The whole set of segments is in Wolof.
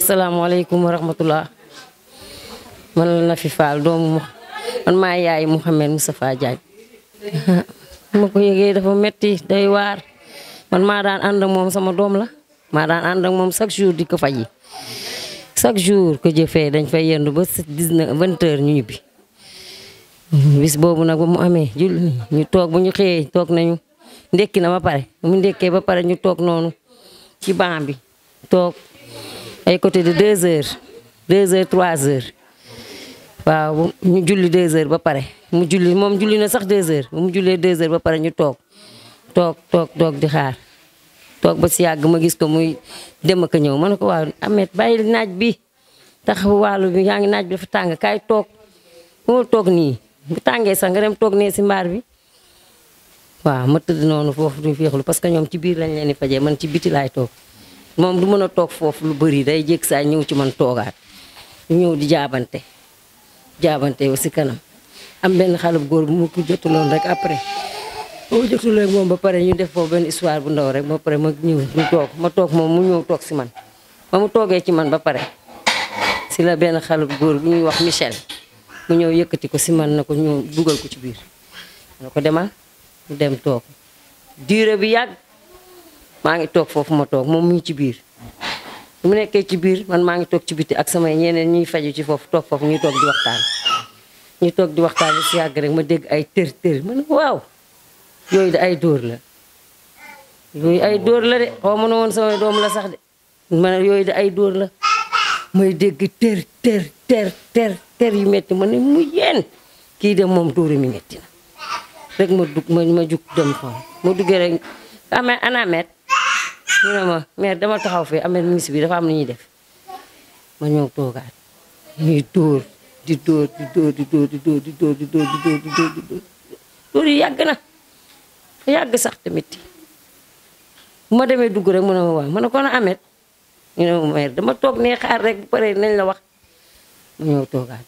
asalaamaaleykum wa rahmatullah man la Nafi Fall doomu man maa yaay Mouhamed Moustapha Diagne ma ko yëgee dafa metti day waar man maa daan ànd moom sama doom la maa daan ànd ak moom chaque jour di ko faji chaque jour ko jëfee dañ fay yendu ba dix ñu ñibbi bis boobu nag ba mu amee julli ñu toog bu ñu xëyee toog nañu ndekki na ba pare mu ndekkee ba pare ñu toog noonu ci baam bi toog ay côté de deux heures deux heures trois heures waaw ñu julli deux ba pare mu julli moom julli na sax deux heures mu jullee deux heures ba pare ñu toog toog toog toog di xaar toog ba si yàgg ma gis ko muy dem ak ñëw ma ne ko waaw Ameth bàyyil naaj bi tax wàllu bi yaa ngi naaj bi dafa tàng kaay toog moo toog nii bu tàngee sax nga dem toog nee si mbaar bi waaw ma tëdd noonu foofu duñ féexlu parce que ñoom ci biir lañ leen di fajee man ci biti laay toog moom du mën a toog foofu lu bëri day jéeg saa ñëw ci man toogaat ñëw di jaabante jaabante yow si kanam am benn xale bu góor bu mu ko jotuloon rek après boo jotul moom ba pare ñu def foofu benn histoire bu ndaw rek ba pare ma ñëw mu toog ma toog moom mu ñëw toog si man ba mu toogee ci man ba pare si la benn xale bu góor bu ñuy wax Michel mu ñëw yëkkati ko si man na ko ñëw dugal ko ci biir na ko demal dem toog diire bi yàgg maa ngi toog foofu ma toog moom mu ngi ci biir mu nekkee ci biir man maa ngi toog ci biti ak samay ñeneen ñuy faju ci foofu toog foofu ñuy toog di waxtaan ñu toog di waxtaan si yàgg rek ma dégg ay tër tër ma ne waaw yooyu de ay dóor la yooyu ay dóor la de xaw ma doom la sax de ma yooyu de ay dóor la may dégg tër tër tër tër yu metti ma ne mu yéen kii de moom dóori mi metti na rek ma dugg ma ma jug dem xool ma duggee rek amee anamet ñu ne dama taxaw fee amee ministre dafa am lu ñuy def ma ñëw toogaat di dóor di dóor yàgg na yàgg sax tamit ma demee dugg rek mu ne ma waaw ma ne kon dama toog nee xaar rek bu paree nañ la wax ma ñëw toogaat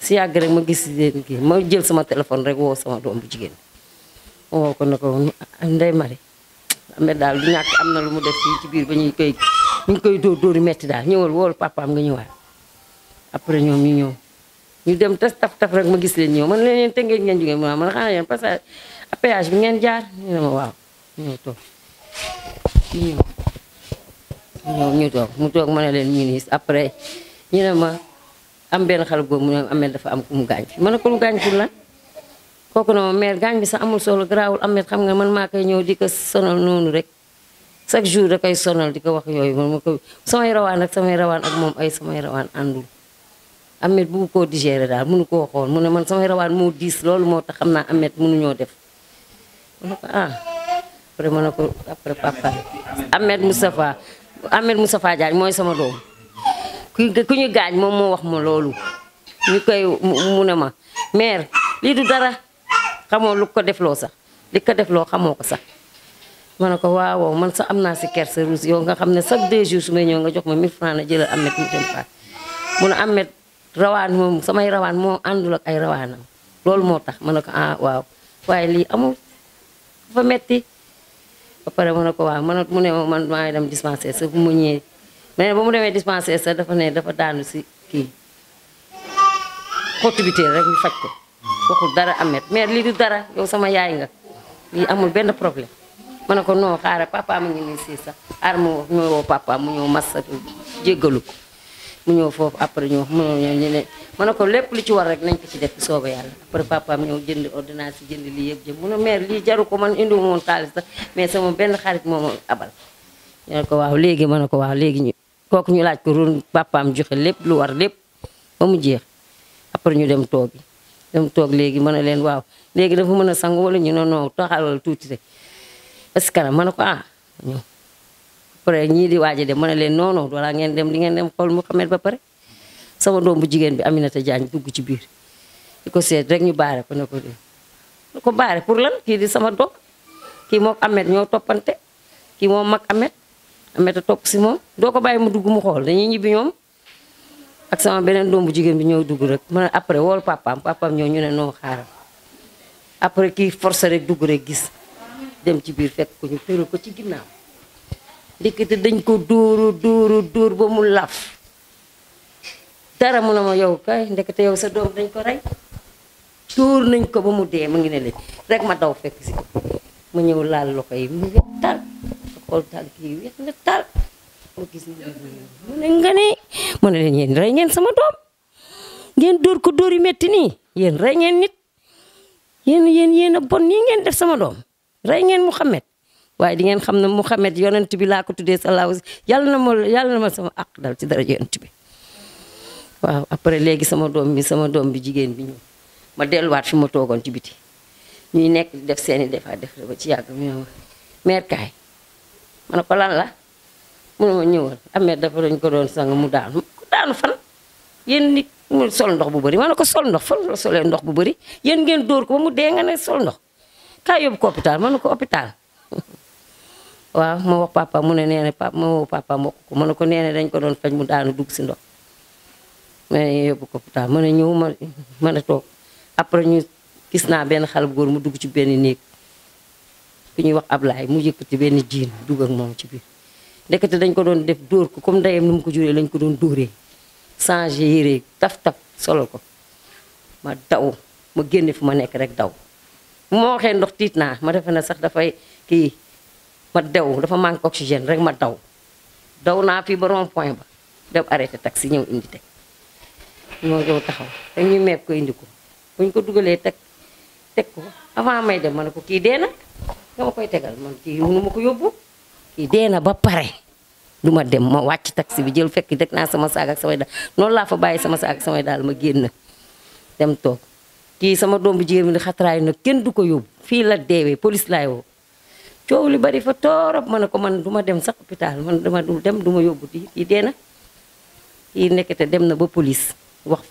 si yàgg rek ma gis leen kii ma jël sama téléphone rek woo sama doom bu jigéen woo ko ne ko Ndeye Marie Ahmed daal du ñàkk am na lu mu def fii ci biir ba ñu koy ngi koy dóor dóori metti daal ñëwal woolu papaam nga ñëwaat après ñoom ñu ñëw ñu dem tas taf taf rek ma gis leen ñëw man leen yeen tëngeej ngeen man xanaa yeen passage bi ngeen jaar ñu waaw ñëw toog toog mu toog ma ne leen ministre après ñu ne ma am benn xale boobu mu ne amee dafa am ku gaañ fi ma ne ko lu gaañ fi lan kooku ne ma mère gaañ bi sax amul solo garaawul amet xam nga man maa koy ñëw di ko sonal noonu rek chaque jour da koy sonal di ko wax yooyu man ko samay rawaan ak samay rawaan ak moom ay samay rawaan àndul amet bugg koo digérer daal mënu koo xool mu ne man samay rawaan moo diis loolu moo tax xam naa amet mënuñoo def ma ne ah. ma ne ko après papa amet Moustapha amet Moustapha Diagne mooy sama doom ku ñu gaañ moom moo wax ma loolu ñu koy mu lii du dara xamoo lu ko defloo sax li ko def loo xamoo ko sax ma ne ko waaw man sa am naa si kersa ruus yow nga xam ne chaque deux jours su may ñëw nga jox ma 1000 francs na jëlal amet mu mu ne amet rawaan moom samay rawaan moo àndul ay rawaanam loolu moo tax ma ne ko ah waaw waaye lii amul dafa metti ba pare ma ne ko waaw man mu ne ma man maa dem dispensaire sax bu mu ñëwee mais ba mu demee dispensaire sax dafa ne dafa daanu si kii xotti biteel rek mu faj ko waxul dara amet mère lii du dara yow sama yaay nga lii amul benn problème ma ne ko non xaaral papa mu ngi nii sii sax aar mu wax ñu woo papa mu ñëw massa jéggalu ko mu ñëw foofu après ñu wax ma ne ko lépp lu ci war rek nañ ci def sooba yàlla après papaam ñëw jënd ordonnance yi jënd lii yëpp jëm mu ne mère lii jaru ko man indiwu woon xaalis sax mais sama benn xarit moom ma abal ñu ne ko waaw léegi mën ne ko waaw léegi ñu kooku ñu laaj ko run papaam joxe lépp lu war lépp ba mu jeex après ñu dem toobi dem toog léegi mën a leen waaw léegi dafa mën a sangu wala ñu noonoo non taxawal tuuti rek est-ce que ma ne ko ah ñëw après ñii di waaje dem ma ne leen non non ngeen dem li ngeen dem xool Mouhamed ba pare sama doom bu jigéen bi Aminata Diagne dugg ci biir di ko seet rek ñu baare ko ne ko ne ko baare pour lan kii di sama doom kii moom amet ñoo toppante kii moom mag Ahmed Ahmed a topp si moom doo ko bàyyi mu dugg mu xool dañuy ñibbi ñoom ak sama beneen doom bu jigéen bi ñëw dugg rek ma ne après wool papaam papaam ñëw ñu ne noo xaaral après kii forcé rek dugg rek gis dem ci biir fekk ko ñu tëral ko ci ginnaaw ndekete dañ ko dóoru dóoru dóor ba mu laf dara mu ne ma yow kay ndekete yow sa doom dañ ko rey dóor nañ ko ba mu dee mu ngi ne leen rek ma daw fekk si ko ma ñëw laal loxo yi mu wex tal xool tal kii wex na tal ko gis mu ne nga ne mu ne leen yéen rey ngeen sama doom ngeen dóor ko dóor yi métti nii yéen rey ngeen nit yéen yéen yéen a bon nii ngeen def sama doom rey ngeen Mouhamed waaye di ngeen xam ne Mouhamed yonant bi laa ko tuddee salaahu yàlla na ma yàlla na ma sama àq dal ci dara yonent bi waaw après léegi sama doom bi sama doom bi jigéen bi ñu ma delluwaat fi ma toogoon ci biti ñuy nekk def seeni defaat def ba ci yàgg mu ñëw meer kaay ma ko lan la mu ne ma ñëwal amee dafa dañ ko doon sang mu daanu ku daanu fan yéen nit mu sol ndox bu bari ma ne ko sol ndox fan la solee ndox bu bari yéen ngeen dóor ko ba mu dee nga sol ndox kaa yóbbu ko hôpital ko hôpital waaw ma wax mu ne nee na papa ma woo ko ma dañ ko doon faj mu daanu dugg si ndox ma ne yóbbu ko hôpital ma ne ñëw ma ma ne toog après ñu gis naa benn xale bu góor mu dugg ci benn néeg ku ñuy wax Ablaye mu yëkkati benn jiin dugg ak moom ci biir ndekete dañ ko doon def dóor ko comme ndeyam nu mu ko juree lañ ko doon dóoree changé yére taf-taf solo ko ma daw ma génne fu ma nekk rek daw moo waxee ndox tiit naa ma defe na sax dafay kii ma dew dafa man oxygène rek ma daw daw naa fii ba ba dem arrêté taxi ñëw indi teg ñoo ñëw taxaw te ñu meeb ko indi ko buñ ko dugalee teg teg ko avant may dem ma ne ko kii dee na nga ma koy tegal man kii mënu ma ko yóbbu kii dee na ba pare du ma dem ma wàcc taxi bi jël fekk dëkk naa sama saag ak samay daal noonu laa fa bàyyi sama saag ak samay daal ma génn dem toog kii sama doom bu jigéen bi ne xatraay kenn du ko yóbbu fii la deewee police laay woo li bari fa ma ne ko man du dem sax hôpital man dama dul dem du ma yóbbu di dee na nekkete dem na ba police wax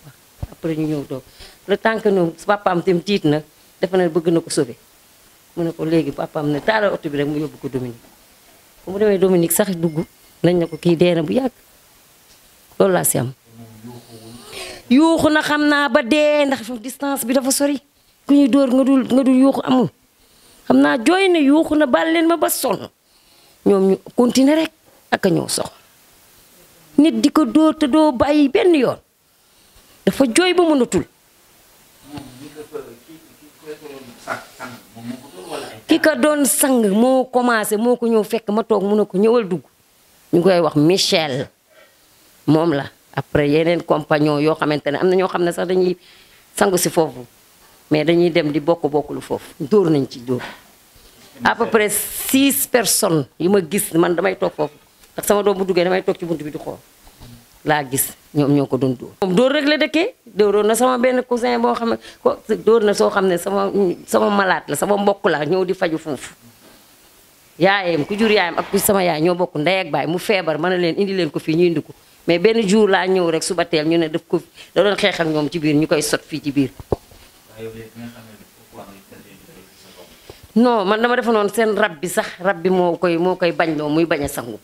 fa ñu ñëw toog le temps que ñoom papaam tiit na defe na bëgg na ko sauver mu ne ko léegi papaam ne taara oto bi rek mu yóbbu ko Dominique bu mu demee Dominique sax dugg lañ ne ko kii dee bu yàgg loolu laa si am. yuuxu na xam naa ba dee ndax distance bi dafa sori ku ñuy dóor nga dul yuux amul xam naa jooy na yuuxu na bal leen ma ba sonn ñoom ñu continuer rek ak a ñëw sox nit di ko dóor te doo bàyyi benn yoon dafa jooy ba mënatul. ki ko doon sang moo commencé moo ko ñëw fekk ma toog mun ne ko ñëwal dugg ñu koy wax Michel moom la après yeneen compagnon yoo xamante ne am na ñoo xam ne sax dañuy sangu si foofu mais dañuy dem di bokk bokkulu foofu dóor nañ ci dóor à peu près six personnes yi ma gis man damay toog foofu ndax sama doom bu duggee damay toog ci bunt bi di xool laa gis ñoom ñoo ko dund dóor dóor rek la dëkkee dóoroon na sama benn cousin boo xam ne ko dóor na soo xam ne sama sama malaat la sama mbokk la ñëw di faju foofu yaayam ku jur yaayam ak ku sama yaay ñoo bokk ndey ak baay mu feebar mën na leen indi leen ko fii ñuy indi ko mais benn jour laa ñëw rek suba teel ñu ne daf ko da doon xeex ak ñoom ci biir ñu koy sot fii ci biir non man dama defanoon seen rab bi sax rab bi moo koy moo koy bañ loo muy bañ a sangu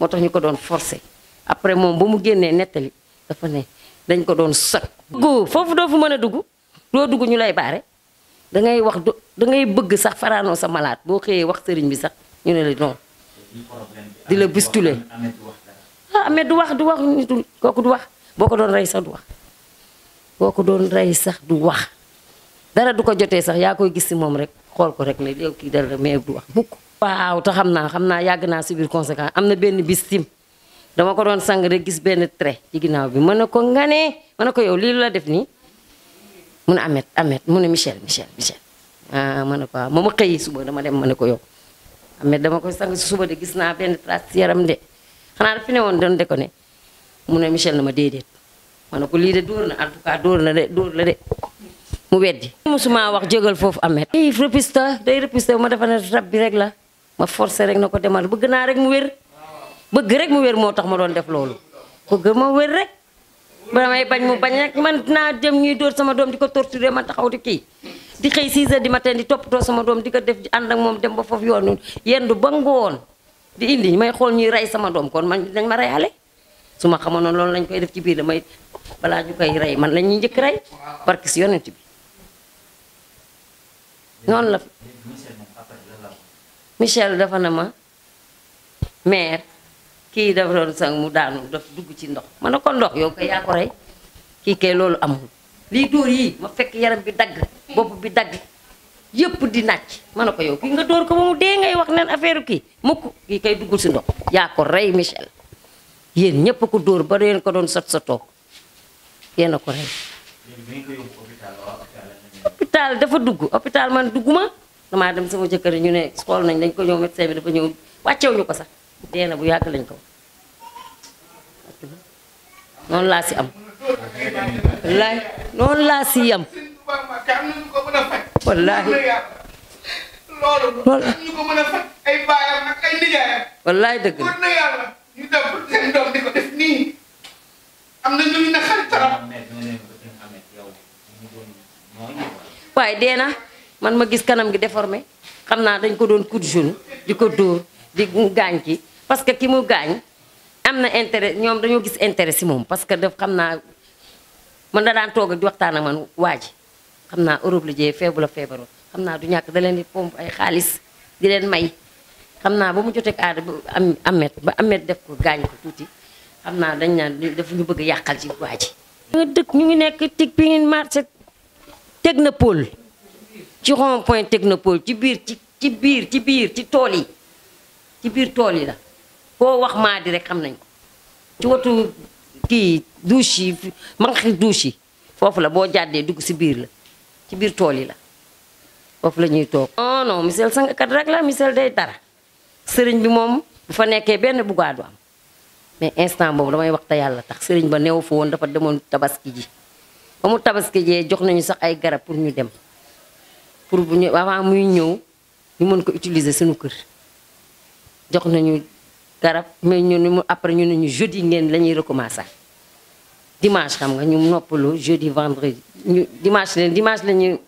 moo tax ñu ko doon forcé après moom ba mu génnee nettali dafa ne dañ ko doon sot gu foofu doo fu mën a dugg doo dugg ñu lay baare da ngay wax da ngay bëgg sax faraanoo sa malaat boo xëyee wax sëriñ bi sax ñu ne la noonu di la bistule ah mais du wax du wax nitul kooku du wax boo ko doon rey sax du wax boo ko doon rey sax du wax dara du ko jotee sax yaa koy gis si moom rek xool ko rek ne yow kii dara mais du wax mukk waaw te xam naa xam naa yàgg naa si biir conséquence am na benn bis dama ko doon sang rek gis benn trait ci ginnaaw bi mën na ko nga ne mën na ko yow lii la def nii mun a amet amet mun ne Michel Michel Michel ah mën na ko waaw ah, ma xëyi suba dama dem mën na ko yow amet dama ko sang si suba de gis naa benn trace yaram de xanaa daf fi woon doon de ko ne mu ne Michel na ma déedéet ma ne ko lii de dóor na en tout cas na de dóor la de mu weddi musuma wax jógal foofu amet day repiste day repiste ma defa ne rab bi rek la ma forcé na ko demal bëgg bëgg rek mu wér moo tax ma doon def loolu bëgg ma wér rek ba damay bañ mu bañ rek man naa dem ñuy dóor sama doom di ko torturer ma taxaw di kii di xëy 6 di ma matin di toppatoo sama doom di ko def di ànd ak moom dem ba foofu yoon yendu ba ngoon di indi may xool ñuy rey sama doom kon man dañ ma reyale su ma xamoon noonu loolu lañ koy def ci biir damay balaa ñu koy rey man la ñuy njëkk rey barke si yonent bi noonu la dafa na ma mère kii dafa doon sang mu daanu daf dugg ci ndox ma ne ko ndox yow kay yaa ko rey kii kay loolu amul lii dóor yii ma fekk yaram bi dagg bopp bi dagg yépp di nàcc ma ne ko yow kii nga dóor ko ba mu dee ngay wax neen affaire kii mukk kii kay duggul ci ndox yaa ko rey Michel ñëpp ko dóor ba yéen ko doon sot sotoo yéen a ko dafa dugg hôpital man dugg ma damaa dem sama jëkkër ñu ne xool nañ dañ ko ñëw médecin bi dafa ñëw wàccew ñu ko sax dee bu yàgg lañ ko noonu laa si am wallaahi noonu laa si yam wallaahi loolu ñu ko mën a dëgg waaye dee man ma gis kanam gi deforme xam naa dañ ko doon coup de di ko dóor di gaañ ci parce que ki mu gaañ am na intérêt ñoom dañoo gis intérêt moom parce que daf xam naa man da daan toog di waxtaan a man waa ji xam naa Europe la jee feebu la feebaroon xam naa du ñàkk da leen di pomp ay xaalis di leen may xam naa ba mu jotee ak aada am amet ba amet def ko gaañ ko tuuti xam naa dañ naan dafa ñu bëgg yàqal ci waa ji dëkk ñu ngi nekk tig bi marché technopole ci rond point technopole ci biir ci ci biir ci biir ci tool yi ci biir tool yi la koo wax maadi rek xam nañ ko ci watu kii douche yi manqi douche yi foofu la boo jàddee dugg si biir la ci biir tool yi la foofu la ñuy toog non oh non Michel sangkat rek la Michel day dara sëriñ bi moom bu fa nekkee benn bugaa am mais instant boobu damay wax te yàlla tax sëriñ ba neew fa woon dafa demoon tabaski ji ba mu tabaski jee jox nañu sax ay garab pour ñu dem pour bu ñu avant muy ñëw ñu mën ko utiliser suñu kër jox nañu garab mais ñu mu après ñu ne ñu jeudi ngeen la ñuy recommencer dimanche xam nga ñu noppalu jeudi vendredi ñu dimanche leen dimanche la ñuy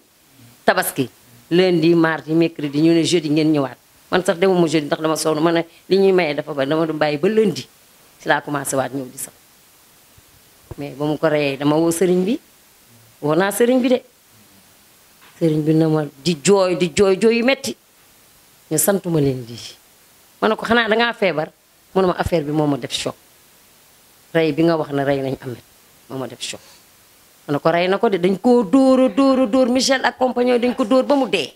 tabaski lundi mardi mercredi ñu ne jeudi ngeen ñëwaat man sax demuma jeudi ndax dama sonn ma ne li ñuy maye dafa ba dama du bàyyi ba lundi ci laa commencé waat ñëw di sax mais ba mu ko reyee dama woo seriñ bi woo naa sëriñ bi de sëriñ bi na ma di jooy di jooy jooy yu metti ñu santuma leen lii ma ne ko xanaa dangaa feebar mu ne ma affaire bi moom ma def choc ray bi nga wax ne rey nañ amet moo ma def choc mu na ko rey na ko de dañ koo dóor a dóor a dóor Michel ak compagnon dañ ko dóor ba mu dee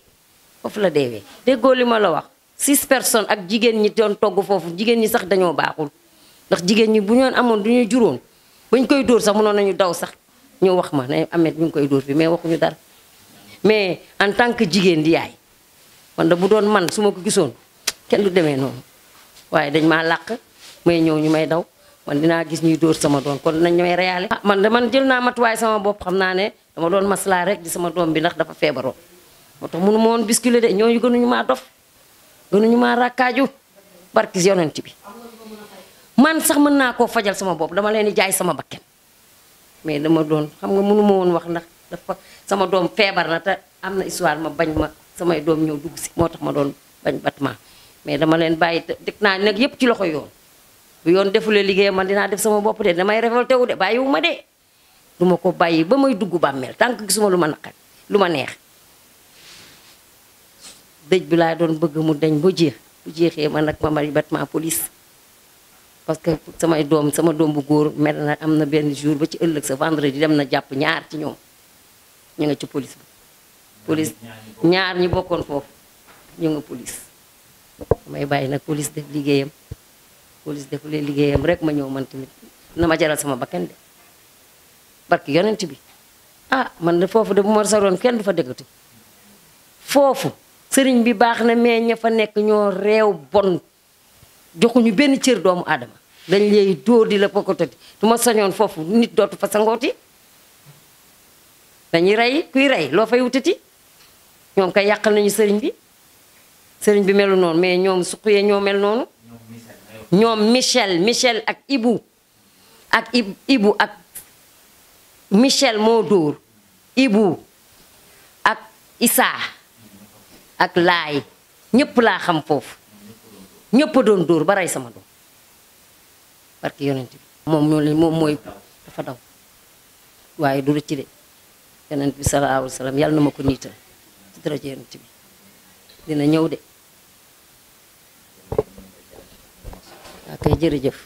foofu la deewee déggoo li ma la wax six personnes ak jigéen ñi doon togg foofu jigéen ñi sax dañoo baaxul ndax jigéen ñi bu ñoon amoon du ñu juróon bañ koy dóor sax mënoon nañu daw sax ñu wax ma ne amet ñu ngi koy dóor bi mais waxuñu dara mais en tant que jigéen di yaay man da bu doon man su ma ko gisoon kenn du demee noonu waaye dañ maa làq may ñëw ñu may daw man dinaa gis ñuy dóor sama doom kon nañ may reyaale ah, man de man jël naa matuwaay sama bopp xam naa ne dama doon maslaa rek di sama doom bi ndax dafa feebaroo moo mënu ma woon bisculer de ñooñu gënuñu maa dof gënuñu maa rakkaaju barki yonent bi man sax mën naa koo fajal sama bopp dama leen di jaay sama bakken mais dama doon xam nga mënu woon wax ndax dafa sama doom feebar na te am na histoire ma bañ ma samay doom ñëw dugg si moo tax ma doon bañ battement mais dama leen bàyyi teg naa nag yëpp ci loxo yoon bu yoon defulee liggéeyam man dinaa def sama bopp de damay révolté wu de bàyyiwu ma de du ma ko bàyyi ba may dugg bàmmeel tànk gisuma lu ma naqar lu ma neex dëj bi laa doon bëgg mu deñ ba jeex bu jeexee man nag ma mari battement police parce que samay doom sama doom bu góor mer na am na benn jour ba ci ëllëg sa di dem na jàpp ñaar ci ñoom ñu nga ci police bi police ñaar ñi bokkoon foofu ñu nga damay bàyyi nag police def liggéeyam police defulee liggéeyam rek ma ñëw man tamit na ma jaral sama bakkan de barki yonent bi ah man de foofu de bu ma saroon kenn du fa dëggatu foofu sëriñ bi baax na mais ña fa nekk ñoo réew bon joxuñu benn cër doomu aadama dañ lay dóor di la pokkatati du ma sañoon foofu nit dootu fa sangooti dañuy rey kuy rey loo fay wutati ñoom kay yàqal nañu sëriñ bi sëriñ bi melu noonu mais ñoom suquyee ñoo mel noonu ñoom Michel Michel ak Ibu ak Ibu ak Michel moo dóor Ibu ak Isaa ak Laay ñëpp laa xam foofu ñépp doon dóor baray sama doom parce yonent bi moom mooy dafa daw waaye du ci de yonent bi sallallahu alayhi wa sallam na ma ko niital ci dara yonent bi dina ñëw de kay jërëjëf